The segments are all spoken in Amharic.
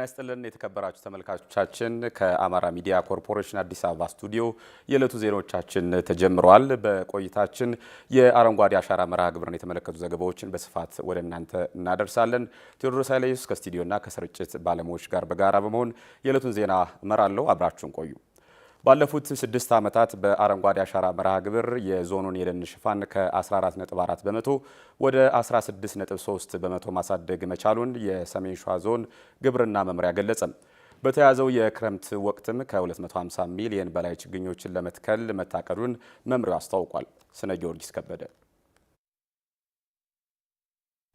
ጤና ይስጥልን የተከበራችሁ ተመልካቾቻችን፣ ከአማራ ሚዲያ ኮርፖሬሽን አዲስ አበባ ስቱዲዮ የዕለቱ ዜናዎቻችን ተጀምረዋል። በቆይታችን የአረንጓዴ አሻራ መርሃ ግብርን የተመለከቱ ዘገባዎችን በስፋት ወደ እናንተ እናደርሳለን። ቴዎድሮስ ኃይለየሱስ ከስቱዲዮና ከስርጭት ባለሙያዎች ጋር በጋራ በመሆን የዕለቱን ዜና እመራለሁ። አብራችሁን ቆዩ። ባለፉት ስድስት ዓመታት በአረንጓዴ አሻራ መርሃ ግብር የዞኑን የደን ሽፋን ከ14.4 በመቶ ወደ 16.3 በመቶ ማሳደግ መቻሉን የሰሜን ሸዋ ዞን ግብርና መምሪያ ገለጸ። በተያዘው የክረምት ወቅትም ከ250 ሚሊየን በላይ ችግኞችን ለመትከል መታቀዱን መምሪያው አስታውቋል። ስነ ጊዮርጊስ ከበደ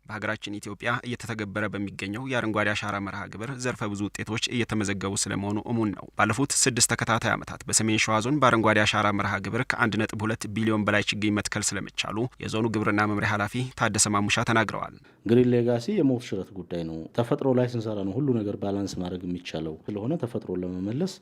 በሀገራችን ኢትዮጵያ እየተተገበረ በሚገኘው የአረንጓዴ አሻራ መርሃ ግብር ዘርፈ ብዙ ውጤቶች እየተመዘገቡ ስለመሆኑ እሙን ነው። ባለፉት ስድስት ተከታታይ ዓመታት በሰሜን ሸዋ ዞን በአረንጓዴ አሻራ መርሃ ግብር ከአንድ ነጥብ ሁለት ቢሊዮን በላይ ችግኝ መትከል ስለመቻሉ የዞኑ ግብርና መምሪያ ኃላፊ ታደሰ ማሙሻ ተናግረዋል። ግሪን ሌጋሲ የሞት ሽረት ጉዳይ ነው። ተፈጥሮ ላይ ስንሰራ ነው ሁሉ ነገር ባላንስ ማድረግ የሚቻለው ስለሆነ ተፈጥሮ ለመመለስ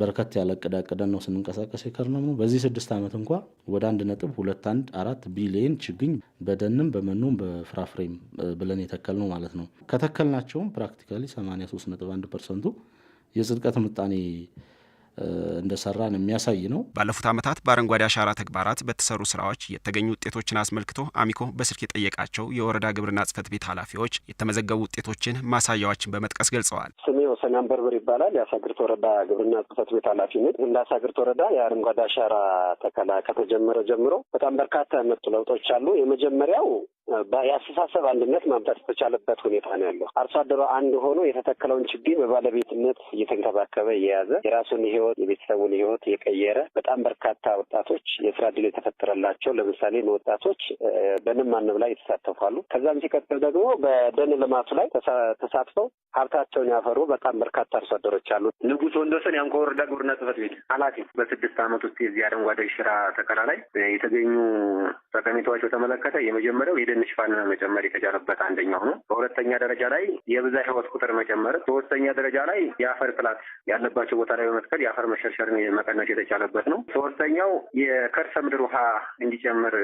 በርከት ያለ እቅድ አቅደን ነው ስንንቀሳቀስ የከርነም ነው። በዚህ ስድስት ዓመት እንኳ ወደ አንድ ነጥብ ሁለት አንድ አራት ቢሊየን ችግኝ በደንም በመኖም በፍራፍሬም ብለን የተከል ነው ማለት ነው። ከተከልናቸውም ፕራክቲካሊ 83 ነጥብ 1 ፐርሰንቱ የጽድቀት ምጣኔ እንደሰራን የሚያሳይ ነው። ባለፉት ዓመታት በአረንጓዴ አሻራ ተግባራት በተሰሩ ስራዎች የተገኙ ውጤቶችን አስመልክቶ አሚኮ በስልክ የጠየቃቸው የወረዳ ግብርና ጽሕፈት ቤት ኃላፊዎች የተመዘገቡ ውጤቶችን ማሳያዎችን በመጥቀስ ገልጸዋል። ስሜ ወሰናን አንበርብር ይባላል። የአሳግርት ወረዳ ግብርና ጽሕፈት ቤት ኃላፊ ነኝ። እንደ አሳግርት ወረዳ የአረንጓዴ አሻራ ተከላ ከተጀመረ ጀምሮ በጣም በርካታ የመጡ ለውጦች አሉ። የመጀመሪያው የአስተሳሰብ አንድነት ማምጣት የተቻለበት ሁኔታ ነው ያለው። አርሶ አደሩ አንድ ሆኖ የተተከለውን ችግኝ በባለቤትነት እየተንከባከበ እየያዘ የራሱን ህይወት የቤተሰቡን ህይወት የቀየረ በጣም በርካታ ወጣቶች የስራ እድል የተፈጠረላቸው ለምሳሌ ወጣቶች በንብ ላይ የተሳተፋሉ። ከዛም ሲቀጥል ደግሞ በደን ልማቱ ላይ ተሳትፈው ሀብታቸውን ያፈሩ በጣም በርካታ አርሶ አደሮች አሉ። ንጉስ ወንዶሰን የአንኮ ወረዳ ግብርና ጽህፈት ቤት ኃላፊ በስድስት ዓመት ውስጥ የዚህ አረንጓዴ ስራ ተከላ ላይ የተገኙ ጠቀሜታዎች በተመለከተ የመጀመሪያው ትንሽ ፋና መጨመር የተቻለበት አንደኛው ነው። በሁለተኛ ደረጃ ላይ የብዛ ህይወት ቁጥር መጨመር፣ ሶስተኛ ደረጃ ላይ የአፈር ጥላት ያለባቸው ቦታ ላይ በመትከል የአፈር መሸርሸርን መቀነስ የተቻለበት ነው። ሶስተኛው የከርሰ ምድር ውሃ እንዲጨምር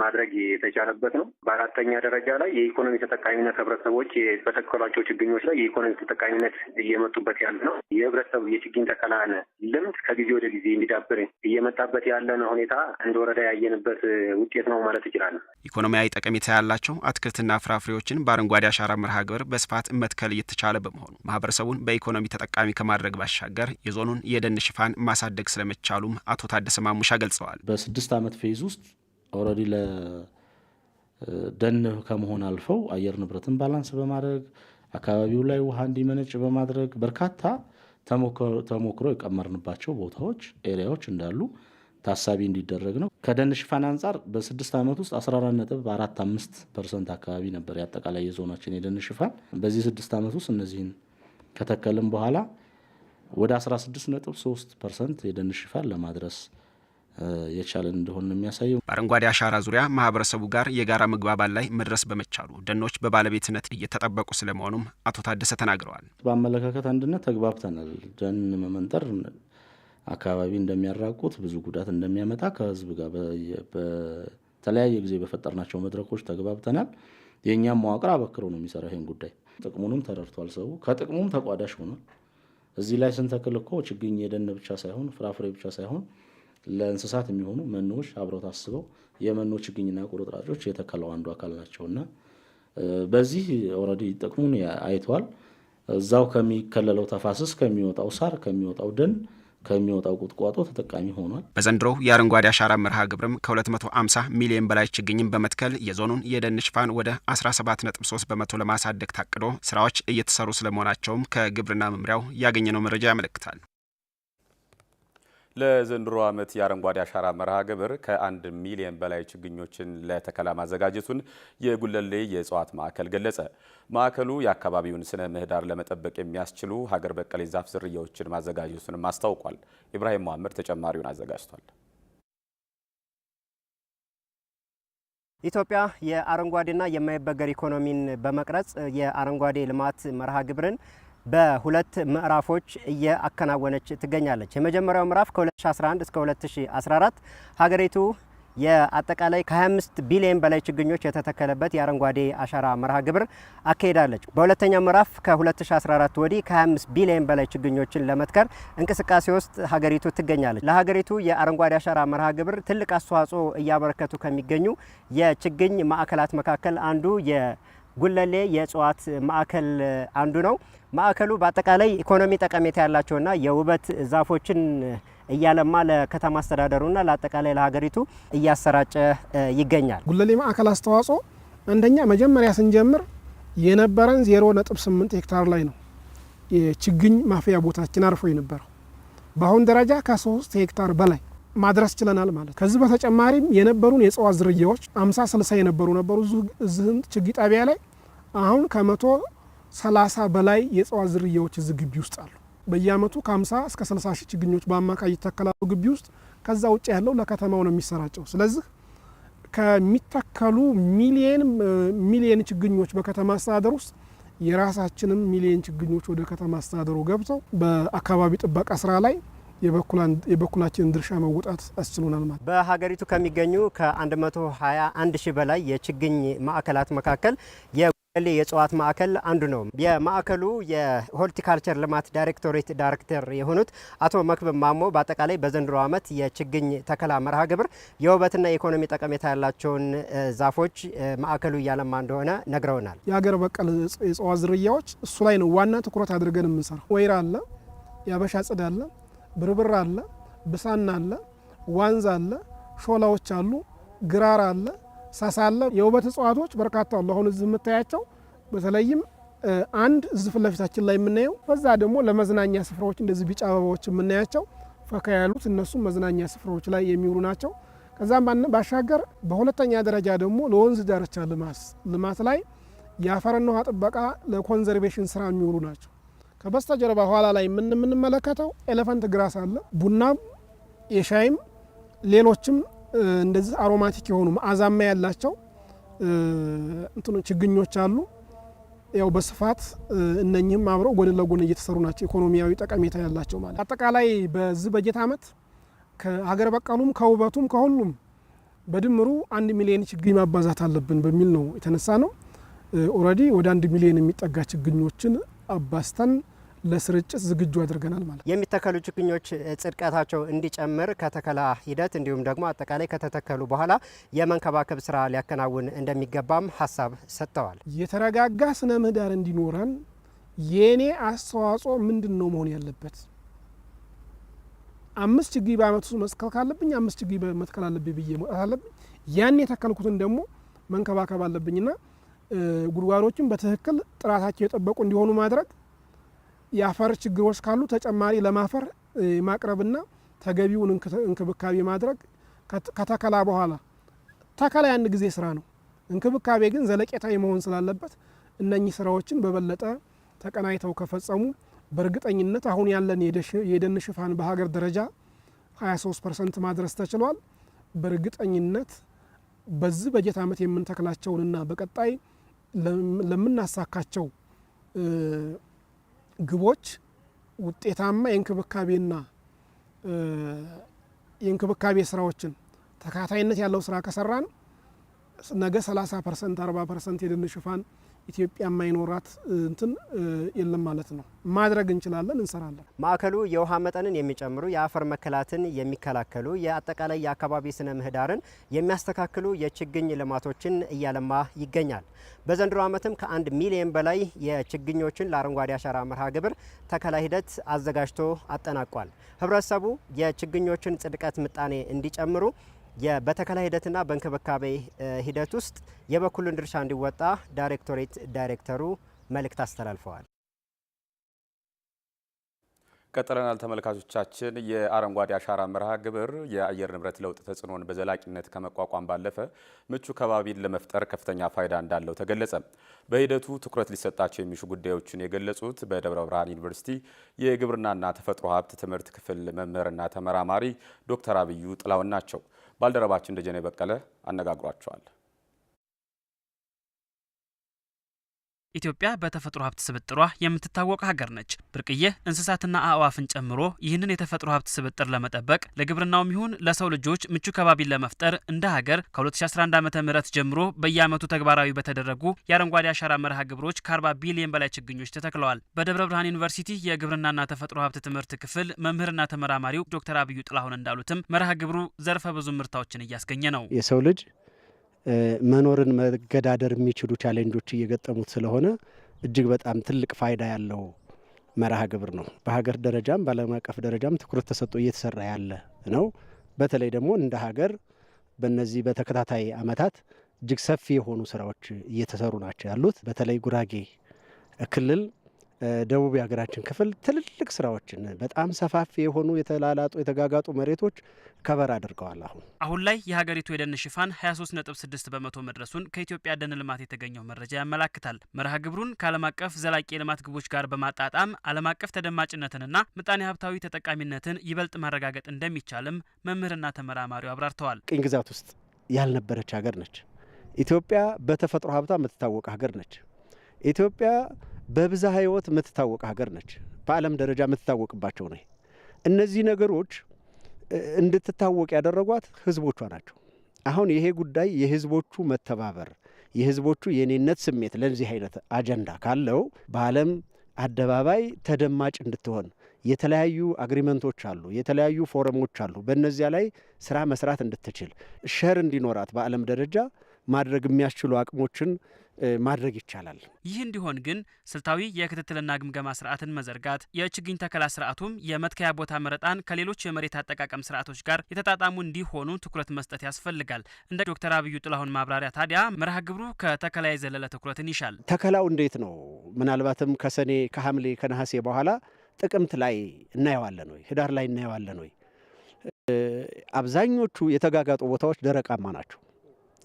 ማድረግ የተቻለበት ነው። በአራተኛ ደረጃ ላይ የኢኮኖሚ ተጠቃሚነት ህብረተሰቦች በተከሏቸው ችግኞች ላይ የኢኮኖሚ ተጠቃሚነት እየመጡበት ያለ ነው። የህብረተሰቡ የችግኝ ተከላን ልምድ ከጊዜ ወደ ጊዜ እንዲዳብር እየመጣበት ያለን ሁኔታ እንደ ወረዳ ያየንበት ውጤት ነው ማለት ይችላል። ኢኮኖሚያዊ ጠቀሜታ ያላቸው አትክልትና ፍራፍሬዎችን በአረንጓዴ አሻራ መርሃ ግብር በስፋት መትከል እየተቻለ በመሆኑ ማህበረሰቡን በኢኮኖሚ ተጠቃሚ ከማድረግ ባሻገር የዞኑን የደን ሽፋን ማሳደግ ስለመቻሉም አቶ ታደሰ ማሙሻ ገልጸዋል። በስድስት ዓመት ፌዝ ውስጥ ኦልሬዲ ለደን ከመሆን አልፈው አየር ንብረትን ባላንስ በማድረግ አካባቢው ላይ ውሃ እንዲመነጭ በማድረግ በርካታ ተሞክሮ የቀመርንባቸው ቦታዎች፣ ኤሪያዎች እንዳሉ ታሳቢ እንዲደረግ ነው። ከደን ሽፋን አንጻር በስድስት ዓመት ውስጥ 14.45 ፐርሰንት አካባቢ ነበር የአጠቃላይ የዞናችን የደን ሽፋን። በዚህ ስድስት ዓመት ውስጥ እነዚህን ከተከልም በኋላ ወደ 16.3 ፐርሰንት የደን ሽፋን ለማድረስ የቻለን እንደሆነ የሚያሳየው በአረንጓዴ አሻራ ዙሪያ ማህበረሰቡ ጋር የጋራ መግባባት ላይ መድረስ በመቻሉ ደኖች በባለቤትነት እየተጠበቁ ስለመሆኑም አቶ ታደሰ ተናግረዋል። በአመለካከት አንድነት ተግባብተናል። ደን መመንጠር አካባቢ እንደሚያራቁት፣ ብዙ ጉዳት እንደሚያመጣ ከህዝብ ጋር በተለያየ ጊዜ በፈጠርናቸው መድረኮች ተግባብተናል። የእኛም መዋቅር አበክሮ ነው የሚሰራ ይህን ጉዳይ። ጥቅሙንም ተረድቷል ሰው ከጥቅሙም ተቋዳሽ ሆኗል። እዚህ ላይ ስንተክል እኮ ችግኝ የደን ብቻ ሳይሆን ፍራፍሬ ብቻ ሳይሆን ለእንስሳት የሚሆኑ መኖዎች አብረው ታስበው የመኖ ችግኝና ቁርጥራጮች የተከላው አንዱ አካል ናቸው እና በዚህ ኦልሬዲ ጥቅሙን አይተዋል። እዛው ከሚከለለው ተፋሰስ ከሚወጣው ሳር ከሚወጣው ደን ከሚወጣው ቁጥቋጦ ተጠቃሚ ሆኗል። በዘንድሮው የአረንጓዴ አሻራ መርሃ ግብርም ከ250 ሚሊዮን በላይ ችግኝን በመትከል የዞኑን የደን ሽፋን ወደ 17.3 በመቶ ለማሳደግ ታቅዶ ስራዎች እየተሰሩ ስለመሆናቸውም ከግብርና መምሪያው ያገኘነው መረጃ ያመለክታል። ለዘንድሮ ዓመት የአረንጓዴ አሻራ መርሃ ግብር ከአንድ ሚሊዮን በላይ ችግኞችን ለተከላ ማዘጋጀቱን የጉለሌ የእጽዋት ማዕከል ገለጸ። ማዕከሉ የአካባቢውን ስነ ምህዳር ለመጠበቅ የሚያስችሉ ሀገር በቀል የዛፍ ዝርያዎችን ማዘጋጀቱንም አስታውቋል። ኢብራሂም መሐመድ ተጨማሪውን አዘጋጅቷል። ኢትዮጵያ የአረንጓዴና የማይበገር ኢኮኖሚን በመቅረጽ የአረንጓዴ ልማት መርሃ ግብርን በሁለት ምዕራፎች እያከናወነች ትገኛለች። የመጀመሪያው ምዕራፍ ከ2011 እስከ 2014 ሀገሪቱ የአጠቃላይ ከ25 ቢሊዮን በላይ ችግኞች የተተከለበት የአረንጓዴ አሻራ መርሃ ግብር አካሄዳለች። በሁለተኛው ምዕራፍ ከ2014 ወዲህ ከ25 ቢሊዮን በላይ ችግኞችን ለመትከር እንቅስቃሴ ውስጥ ሀገሪቱ ትገኛለች። ለሀገሪቱ የአረንጓዴ አሻራ መርሃ ግብር ትልቅ አስተዋጽኦ እያበረከቱ ከሚገኙ የችግኝ ማዕከላት መካከል አንዱ የጉለሌ የእጽዋት ማዕከል አንዱ ነው። ማዕከሉ በአጠቃላይ ኢኮኖሚ ጠቀሜታ ያላቸውና የውበት ዛፎችን እያለማ ለከተማ አስተዳደሩና ለአጠቃላይ ለሀገሪቱ እያሰራጨ ይገኛል። ጉለሌ ማዕከል አስተዋጽኦ አንደኛ መጀመሪያ ስንጀምር የነበረን 0.8 ሄክታር ላይ ነው የችግኝ ማፍያ ቦታችን አርፎ የነበረው። በአሁን ደረጃ ከ3 ሄክታር በላይ ማድረስ ችለናል ማለት። ከዚህ በተጨማሪም የነበሩን የእጽዋት ዝርያዎች 50 60 የነበሩ ነበሩ እዚህም ችግኝ ጣቢያ ላይ አሁን ከመቶ 30 በላይ የእጽዋት ዝርያዎች እዚህ ግቢ ውስጥ አሉ። በየአመቱ ከ50 እስከ 60 ሺህ ችግኞች በአማካይ ይተከላሉ ግቢ ውስጥ። ከዛ ውጭ ያለው ለከተማው ነው የሚሰራጨው። ስለዚህ ከሚተከሉ ሚሊየን ሚሊየን ችግኞች በከተማ አስተዳደር ውስጥ የራሳችንም ሚሊየን ችግኞች ወደ ከተማ አስተዳደሩ ገብተው በአካባቢ ጥበቃ ስራ ላይ የበኩላችንን ድርሻ መወጣት አስችሉናል ማለት። በሀገሪቱ ከሚገኙ ከ121 ሺህ በላይ የችግኝ ማዕከላት መካከል ሌ የእጽዋት ማዕከል አንዱ ነው። የማዕከሉ የሆርቲካልቸር ልማት ዳይሬክቶሬት ዳይሬክተር የሆኑት አቶ መክብብ ማሞ በአጠቃላይ በዘንድሮ ዓመት የችግኝ ተከላ መርሃ ግብር የውበትና የኢኮኖሚ ጠቀሜታ ያላቸውን ዛፎች ማዕከሉ እያለማ እንደሆነ ነግረውናል። የሀገር በቀል የእጽዋት ዝርያዎች እሱ ላይ ነው ዋና ትኩረት አድርገን የምንሰራው። ወይራ አለ፣ የአበሻ ጽድ አለ፣ ብርብር አለ፣ ብሳና አለ፣ ዋንዛ አለ፣ ሾላዎች አሉ፣ ግራር አለ ሳሳለ የውበት እጽዋቶች በርካታ አሉ። አሁን እዚህ የምታያቸው በተለይም አንድ እዚህ ፊት ለፊታችን ላይ የምናየው በዛ ደግሞ ለመዝናኛ ስፍራዎች እንደዚህ ቢጫ አበባዎች የምናያቸው ፈካ ያሉት እነሱም መዝናኛ ስፍራዎች ላይ የሚውሉ ናቸው። ከዛም ባሻገር በሁለተኛ ደረጃ ደግሞ ለወንዝ ዳርቻ ልማት ላይ የአፈርና ውሃ ጥበቃ ለኮንዘርቬሽን ስራ የሚውሉ ናቸው። ከበስተጀርባ ኋላ ላይ የምንመለከተው ኤሌፈንት ግራስ አለ። ቡናም የሻይም ሌሎችም እንደዚህ አሮማቲክ የሆኑ መዓዛማ ያላቸው እንትኑ ችግኞች አሉ። ያው በስፋት እነኚህም አብረው ጎን ለጎን እየተሰሩ ናቸው፣ ኢኮኖሚያዊ ጠቀሜታ ያላቸው ማለት። አጠቃላይ በዚህ በጀት ዓመት ከሀገር በቀሉም ከውበቱም ከሁሉም በድምሩ አንድ ሚሊዮን ችግኝ ማባዛት አለብን በሚል ነው የተነሳ ነው። ኦልሬዲ ወደ አንድ ሚሊዮን የሚጠጋ ችግኞችን አባስተን ። ለስርጭት ዝግጁ አድርገናል ማለት ነው። የሚተከሉ ችግኞች ጽድቀታቸው እንዲጨምር ከተከላ ሂደት እንዲሁም ደግሞ አጠቃላይ ከተተከሉ በኋላ የመንከባከብ ስራ ሊያከናውን እንደሚገባም ሀሳብ ሰጥተዋል። የተረጋጋ ስነ ምህዳር እንዲኖረን የእኔ አስተዋጽኦ ምንድን ነው መሆን ያለበት? አምስት ችግኝ በአመት ውስጥ መትከል ካለብኝ አምስት ችግኝ መትከል አለብኝ ብዬ መውጣት አለብኝ። ያን የተከልኩትን ደግሞ መንከባከብ አለብኝና ጉድጓዶችን በትክክል ጥራታቸው የጠበቁ እንዲሆኑ ማድረግ የአፈር ችግሮች ካሉ ተጨማሪ ለማፈር ማቅረብና ተገቢውን እንክብካቤ ማድረግ ከተከላ በኋላ ተከላ ያን ጊዜ ስራ ነው። እንክብካቤ ግን ዘለቄታዊ መሆን ስላለበት እነኚህ ስራዎችን በበለጠ ተቀናይተው ከፈጸሙ በእርግጠኝነት አሁን ያለን የደን ሽፋን በሀገር ደረጃ 23 ፐርሰንት ማድረስ ተችሏል። በእርግጠኝነት በዚህ በጀት ዓመት የምንተክላቸውንና በቀጣይ ለምናሳካቸው ግቦች ውጤታማ የእንክብካቤና የእንክብካቤ ስራዎችን ተካታይነት ያለው ስራ ከሰራን ነገ 30 ፐርሰንት 40 ፐርሰንት የደን ሽፋን ኢትዮጵያ የማይኖራት እንትን የለም ማለት ነው። ማድረግ እንችላለን፣ እንሰራለን። ማዕከሉ የውሃ መጠንን የሚጨምሩ የአፈር መከላትን የሚከላከሉ የአጠቃላይ የአካባቢ ስነ ምህዳርን የሚያስተካክሉ የችግኝ ልማቶችን እያለማ ይገኛል። በዘንድሮ ዓመትም ከአንድ ሚሊየን በላይ የችግኞችን ለአረንጓዴ አሻራ መርሃ ግብር ተከላ ሂደት አዘጋጅቶ አጠናቋል። ህብረተሰቡ የችግኞችን ጽድቀት ምጣኔ እንዲጨምሩ በተከላ ሂደትና በእንክብካቤ ሂደት ውስጥ የበኩሉን ድርሻ እንዲወጣ ዳይሬክቶሬት ዳይሬክተሩ መልእክት አስተላልፈዋል። ቀጥለናል ተመልካቾቻችን። የአረንጓዴ አሻራ መርሃ ግብር የአየር ንብረት ለውጥ ተጽዕኖን በዘላቂነት ከመቋቋም ባለፈ ምቹ ከባቢን ለመፍጠር ከፍተኛ ፋይዳ እንዳለው ተገለጸ። በሂደቱ ትኩረት ሊሰጣቸው የሚሹ ጉዳዮችን የገለጹት በደብረ ብርሃን ዩኒቨርሲቲ የግብርናና ተፈጥሮ ሀብት ትምህርት ክፍል መምህርና ተመራማሪ ዶክተር አብዩ ጥላውን ናቸው። ባልደረባችን ደጀኔ በቀለ አነጋግሯቸዋል። ኢትዮጵያ በተፈጥሮ ሀብት ስብጥሯ የምትታወቅ ሀገር ነች። ብርቅዬ እንስሳትና አእዋፍን ጨምሮ ይህንን የተፈጥሮ ሀብት ስብጥር ለመጠበቅ ለግብርናውም ይሁን ለሰው ልጆች ምቹ ከባቢን ለመፍጠር እንደ ሀገር ከ2011 ዓ ም ጀምሮ በየዓመቱ ተግባራዊ በተደረጉ የአረንጓዴ አሻራ መርሃ ግብሮች ከ40 ቢሊዮን በላይ ችግኞች ተተክለዋል። በደብረ ብርሃን ዩኒቨርሲቲ የግብርናና ተፈጥሮ ሀብት ትምህርት ክፍል መምህርና ተመራማሪው ዶክተር አብዩ ጥላሁን እንዳሉትም መርሃ ግብሩ ዘርፈ ብዙ ምርታዎችን እያስገኘ ነው። የሰው ልጅ መኖርን መገዳደር የሚችሉ ቻሌንጆች እየገጠሙት ስለሆነ እጅግ በጣም ትልቅ ፋይዳ ያለው መርሃ ግብር ነው። በሀገር ደረጃም በዓለም አቀፍ ደረጃም ትኩረት ተሰጥቶ እየተሰራ ያለ ነው። በተለይ ደግሞ እንደ ሀገር በነዚህ በተከታታይ አመታት እጅግ ሰፊ የሆኑ ስራዎች እየተሰሩ ናቸው ያሉት። በተለይ ጉራጌ ክልል ደቡብ የሀገራችን ክፍል ትልልቅ ስራዎችን በጣም ሰፋፊ የሆኑ የተላላጡ የተጋጋጡ መሬቶች ከበር አድርገዋል። አሁን አሁን ላይ የሀገሪቱ የደን ሽፋን 23.6 በመቶ መድረሱን ከኢትዮጵያ ደን ልማት የተገኘው መረጃ ያመላክታል። መርሃ ግብሩን ከዓለም አቀፍ ዘላቂ የልማት ግቦች ጋር በማጣጣም ዓለም አቀፍ ተደማጭነትንና ምጣኔ ሀብታዊ ተጠቃሚነትን ይበልጥ ማረጋገጥ እንደሚቻልም መምህርና ተመራማሪው አብራርተዋል። ቅኝ ግዛት ውስጥ ያልነበረች ሀገር ነች ኢትዮጵያ። በተፈጥሮ ሀብታ የምትታወቅ ሀገር ነች ኢትዮጵያ በብዝሃ ሕይወት የምትታወቅ ሀገር ነች። በዓለም ደረጃ የምትታወቅባቸው ነው። እነዚህ ነገሮች እንድትታወቅ ያደረጓት ህዝቦቿ ናቸው። አሁን ይሄ ጉዳይ የህዝቦቹ መተባበር፣ የህዝቦቹ የኔነት ስሜት ለዚህ አይነት አጀንዳ ካለው በዓለም አደባባይ ተደማጭ እንድትሆን የተለያዩ አግሪመንቶች አሉ፣ የተለያዩ ፎረሞች አሉ። በእነዚያ ላይ ስራ መስራት እንድትችል ሸር እንዲኖራት በዓለም ደረጃ ማድረግ የሚያስችሉ አቅሞችን ማድረግ ይቻላል። ይህ እንዲሆን ግን ስልታዊ የክትትልና ግምገማ ስርዓትን መዘርጋት፣ የችግኝ ተከላ ስርዓቱም የመትከያ ቦታ መረጣን ከሌሎች የመሬት አጠቃቀም ስርዓቶች ጋር የተጣጣሙ እንዲሆኑ ትኩረት መስጠት ያስፈልጋል። እንደ ዶክተር አብዩ ጥላሁን ማብራሪያ ታዲያ መርሃ ግብሩ ከተከላ የዘለለ ትኩረትን ይሻል። ተከላው እንዴት ነው? ምናልባትም ከሰኔ ከሐምሌ ከነሐሴ በኋላ ጥቅምት ላይ እናየዋለን ወይ ህዳር ላይ እናየዋለን ወይ? አብዛኞቹ የተጋጋጡ ቦታዎች ደረቃማ ናቸው።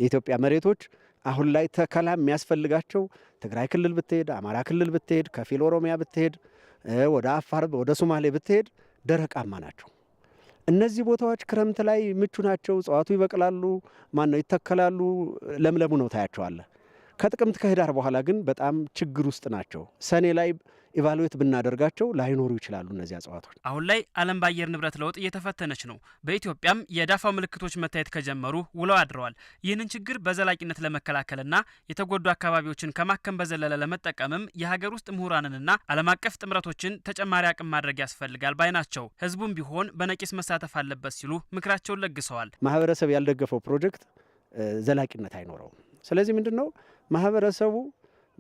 የኢትዮጵያ መሬቶች አሁን ላይ ተከላ የሚያስፈልጋቸው ትግራይ ክልል ብትሄድ፣ አማራ ክልል ብትሄድ፣ ከፊል ኦሮሚያ ብትሄድ፣ ወደ አፋር ወደ ሶማሌ ብትሄድ ደረቃማ ናቸው። እነዚህ ቦታዎች ክረምት ላይ ምቹ ናቸው። እጽዋቱ ይበቅላሉ፣ ማን ነው ይተከላሉ፣ ለምለሙ ነው ታያቸዋለህ። ከጥቅምት ከህዳር በኋላ ግን በጣም ችግር ውስጥ ናቸው። ሰኔ ላይ ኢቫሉዌት ብናደርጋቸው ላይኖሩ ይችላሉ እነዚህ እጽዋቶች። አሁን ላይ ዓለም በአየር ንብረት ለውጥ እየተፈተነች ነው። በኢትዮጵያም የዳፋው ምልክቶች መታየት ከጀመሩ ውለው አድረዋል። ይህንን ችግር በዘላቂነት ለመከላከልና የተጎዱ አካባቢዎችን ከማከም በዘለለ ለመጠቀምም የሀገር ውስጥ ምሁራንንና ዓለም አቀፍ ጥምረቶችን ተጨማሪ አቅም ማድረግ ያስፈልጋል ባይ ናቸው። ህዝቡም ቢሆን በነቂስ መሳተፍ አለበት ሲሉ ምክራቸውን ለግሰዋል። ማህበረሰብ ያልደገፈው ፕሮጀክት ዘላቂነት አይኖረውም። ስለዚህ ምንድን ነው ማህበረሰቡ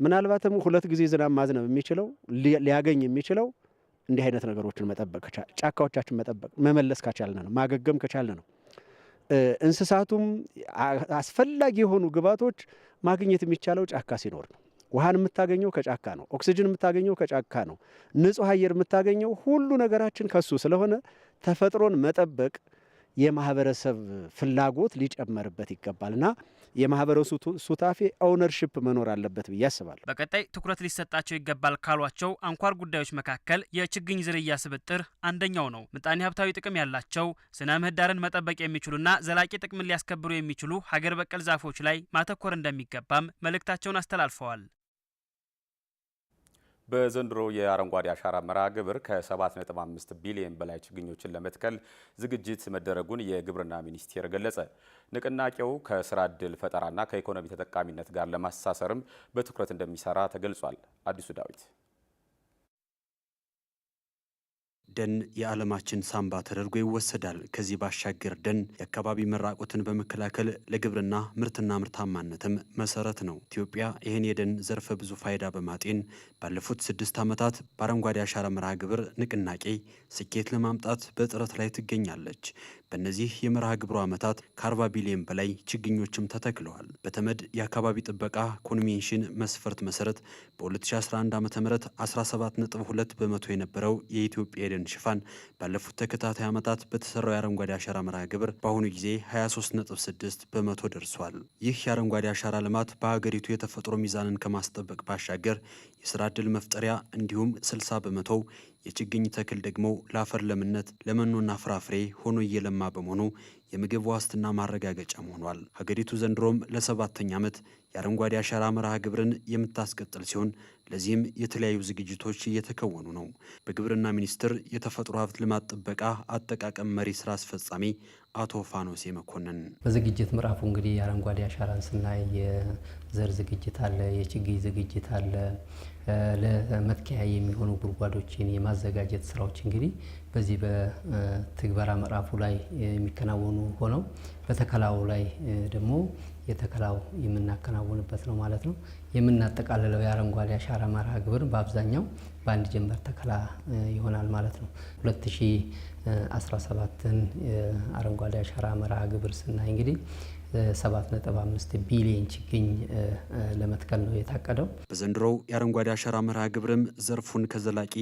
ምናልባትም ሁለት ጊዜ ዝናብ ማዝነብ የሚችለው ሊያገኝ የሚችለው እንዲህ አይነት ነገሮችን መጠበቅ ጫካዎቻችን መጠበቅ መመለስ ከቻልን ነው፣ ማገገም ከቻልን ነው። እንስሳቱም አስፈላጊ የሆኑ ግብዓቶች ማግኘት የሚቻለው ጫካ ሲኖር ነው። ውሃን የምታገኘው ከጫካ ነው። ኦክሲጅን የምታገኘው ከጫካ ነው። ንጹህ አየር የምታገኘው ሁሉ ነገራችን ከሱ ስለሆነ ተፈጥሮን መጠበቅ የማህበረሰብ ፍላጎት ሊጨመርበት ይገባልና የማህበረሱ ሱታፌ ኦውነርሽፕ መኖር አለበት ብዬ አስባለሁ። በቀጣይ ትኩረት ሊሰጣቸው ይገባል ካሏቸው አንኳር ጉዳዮች መካከል የችግኝ ዝርያ ስብጥር አንደኛው ነው። ምጣኔ ሀብታዊ ጥቅም ያላቸው ስነ ምህዳርን መጠበቅ የሚችሉና ዘላቂ ጥቅምን ሊያስከብሩ የሚችሉ ሀገር በቀል ዛፎች ላይ ማተኮር እንደሚገባም መልእክታቸውን አስተላልፈዋል። በዘንድሮ የአረንጓዴ አሻራ መርሃ ግብር ከ7.5 ቢሊዮን በላይ ችግኞችን ለመትከል ዝግጅት መደረጉን የግብርና ሚኒስቴር ገለጸ። ንቅናቄው ከስራ ዕድል ፈጠራና ከኢኮኖሚ ተጠቃሚነት ጋር ለማስተሳሰርም በትኩረት እንደሚሰራ ተገልጿል። አዲሱ ዳዊት ደን የዓለማችን ሳንባ ተደርጎ ይወሰዳል። ከዚህ ባሻገር ደን የአካባቢ መራቆትን በመከላከል ለግብርና ምርትና ምርታማነትም መሰረት ነው። ኢትዮጵያ ይህን የደን ዘርፈ ብዙ ፋይዳ በማጤን ባለፉት ስድስት ዓመታት በአረንጓዴ አሻራ መርሃ ግብር ንቅናቄ ስኬት ለማምጣት በጥረት ላይ ትገኛለች። በእነዚህ የመርሃ ግብሩ ዓመታት ከ40 ቢሊዮን በላይ ችግኞችም ተተክለዋል። በተመድ የአካባቢ ጥበቃ ኮንቬንሽን መስፈርት መሰረት በ2011 ዓ ም 17.2 በመቶ የነበረው የኢትዮጵያ የደን ሽፋን ባለፉት ተከታታይ ዓመታት በተሰራው የአረንጓዴ አሻራ መርሃ ግብር በአሁኑ ጊዜ 23.6 በመቶ ደርሷል። ይህ የአረንጓዴ አሻራ ልማት በሀገሪቱ የተፈጥሮ ሚዛንን ከማስጠበቅ ባሻገር የስራ ዕድል መፍጠሪያ እንዲሁም 60 በመቶው የችግኝ ተክል ደግሞ ለአፈር ለምነት ለመኖና ፍራፍሬ ሆኖ እየለማ በመሆኑ የምግብ ዋስትና ማረጋገጫም ሆኗል። ሀገሪቱ ዘንድሮም ለሰባተኛ ዓመት የአረንጓዴ አሻራ መርሃ ግብርን የምታስቀጥል ሲሆን ለዚህም የተለያዩ ዝግጅቶች እየተከወኑ ነው። በግብርና ሚኒስቴር የተፈጥሮ ሀብት ልማት ጥበቃ አጠቃቀም መሪ ስራ አስፈጻሚ አቶ ፋኖሴ መኮንን በዝግጅት ምዕራፉ እንግዲህ የአረንጓዴ አሻራን ስናይ የዘር ዝግጅት አለ፣ የችግኝ ዝግጅት አለ ለመትከያ የሚሆኑ ጉድጓዶችን የማዘጋጀት ስራዎች እንግዲህ በዚህ በትግበራ ምዕራፉ ላይ የሚከናወኑ ሆነው በተከላው ላይ ደግሞ የተከላው የምናከናውንበት ነው ማለት ነው። የምናጠቃልለው የአረንጓዴ አሻራ መርሃ ግብር በአብዛኛው በአንድ ጀንበር ተከላ ይሆናል ማለት ነው። 2017ን አረንጓዴ አሻራ መርሃ ግብር ስናይ እንግዲህ 7.5 ቢሊዮን ችግኝ ለመትከል ነው የታቀደው። በዘንድሮው የአረንጓዴ አሻራ መርሃ ግብርም ዘርፉን ከዘላቂ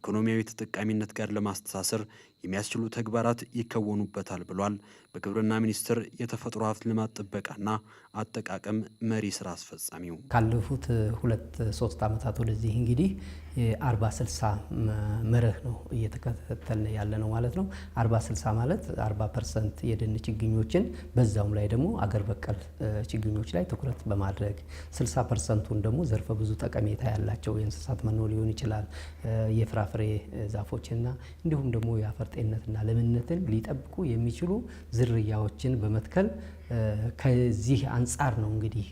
ኢኮኖሚያዊ ተጠቃሚነት ጋር ለማስተሳሰር የሚያስችሉ ተግባራት ይከወኑበታል ብሏል። በግብርና ሚኒስቴር የተፈጥሮ ሀብት ልማት ጥበቃና አጠቃቀም መሪ ስራ አስፈጻሚው ካለፉት ሁለት ሶስት ዓመታት ወደዚህ እንግዲህ የአርባ ስልሳ መርህ ነው እየተከተልን ያለ ነው ማለት ነው። አርባ ስልሳ ማለት አርባ ፐርሰንት የደን ችግኞችን በዛውም ላይ ደግሞ አገር በቀል ችግኞች ላይ ትኩረት በማድረግ ስልሳ ፐርሰንቱን ደግሞ ዘርፈ ብዙ ጠቀሜታ ያላቸው የእንስሳት መኖ ሊሆን ይችላል የፍራፍሬ ዛፎችና እንዲሁም ደግሞ የአፈር ፈርጤነትና ለምነትን ሊጠብቁ የሚችሉ ዝርያዎችን በመትከል ከዚህ አንጻር ነው እንግዲህ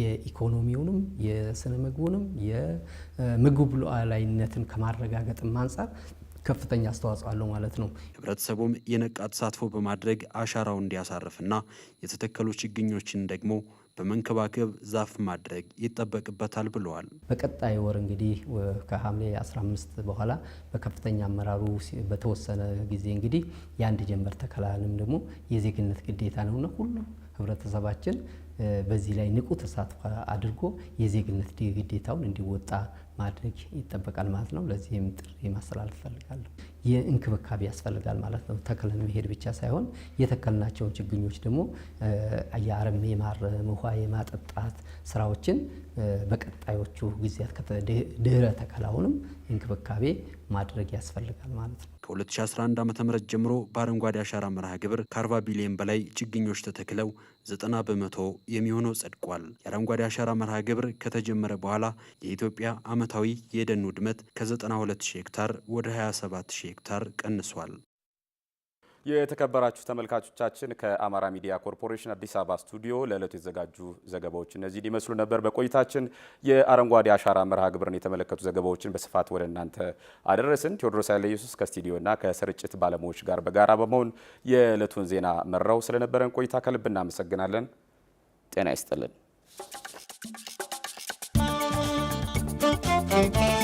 የኢኮኖሚውንም የስነ ምግቡንም የምግብ ሉዓላዊነትን ከማረጋገጥም አንጻር ከፍተኛ አስተዋጽኦ አለው ማለት ነው። ህብረተሰቡም የነቃ ተሳትፎ በማድረግ አሻራው እንዲያሳርፍና የተተከሉ ችግኞችን ደግሞ በመንከባከብ ዛፍ ማድረግ ይጠበቅበታል ብለዋል። በቀጣይ ወር እንግዲህ ከሐምሌ 15 በኋላ በከፍተኛ አመራሩ በተወሰነ ጊዜ እንግዲህ የአንድ ጀንበር ተከላንም ደግሞ የዜግነት ግዴታ ነውና ሁሉም ህብረተሰባችን በዚህ ላይ ንቁ ተሳትፎ አድርጎ የዜግነት ግዴታውን እንዲወጣ ማድረግ ይጠበቃል ማለት ነው። ለዚህም ጥሪ ማስተላለፍ እፈልጋለሁ። የእንክብካቤ ያስፈልጋል ማለት ነው። ተክለን መሄድ ብቻ ሳይሆን የተከልናቸውን ችግኞች ደግሞ የአረም የማረም ውሃ የማጠጣት ስራዎችን በቀጣዮቹ ጊዜያት ድህረ ተከላውንም እንክብካቤ ማድረግ ያስፈልጋል ማለት ነው። ከ2011 ዓ ም ጀምሮ በአረንጓዴ አሻራ መርሃ ግብር ከ40 ቢሊዮን በላይ ችግኞች ተተክለው 90 በመቶ የሚሆነው ጸድቋል። የአረንጓዴ አሻራ መርሃ ግብር ከተጀመረ በኋላ የኢትዮጵያ ዓመታዊ የደን ውድመት ከ92000 ሄክታር ወደ 27000 ሄክታር ቀንሷል። የተከበራችሁ ተመልካቾቻችን ከአማራ ሚዲያ ኮርፖሬሽን አዲስ አበባ ስቱዲዮ ለዕለቱ የተዘጋጁ ዘገባዎች እነዚህ ሊመስሉ ነበር። በቆይታችን የአረንጓዴ አሻራ መርሃ ግብርን የተመለከቱ ዘገባዎችን በስፋት ወደ እናንተ አደረስን። ቴዎድሮስ ኃይለ ኢየሱስ ከስቱዲዮና ከስርጭት ባለሙያዎች ጋር በጋራ በመሆን የዕለቱን ዜና መራው። ስለነበረን ቆይታ ከልብ እናመሰግናለን። ጤና ይስጥልን።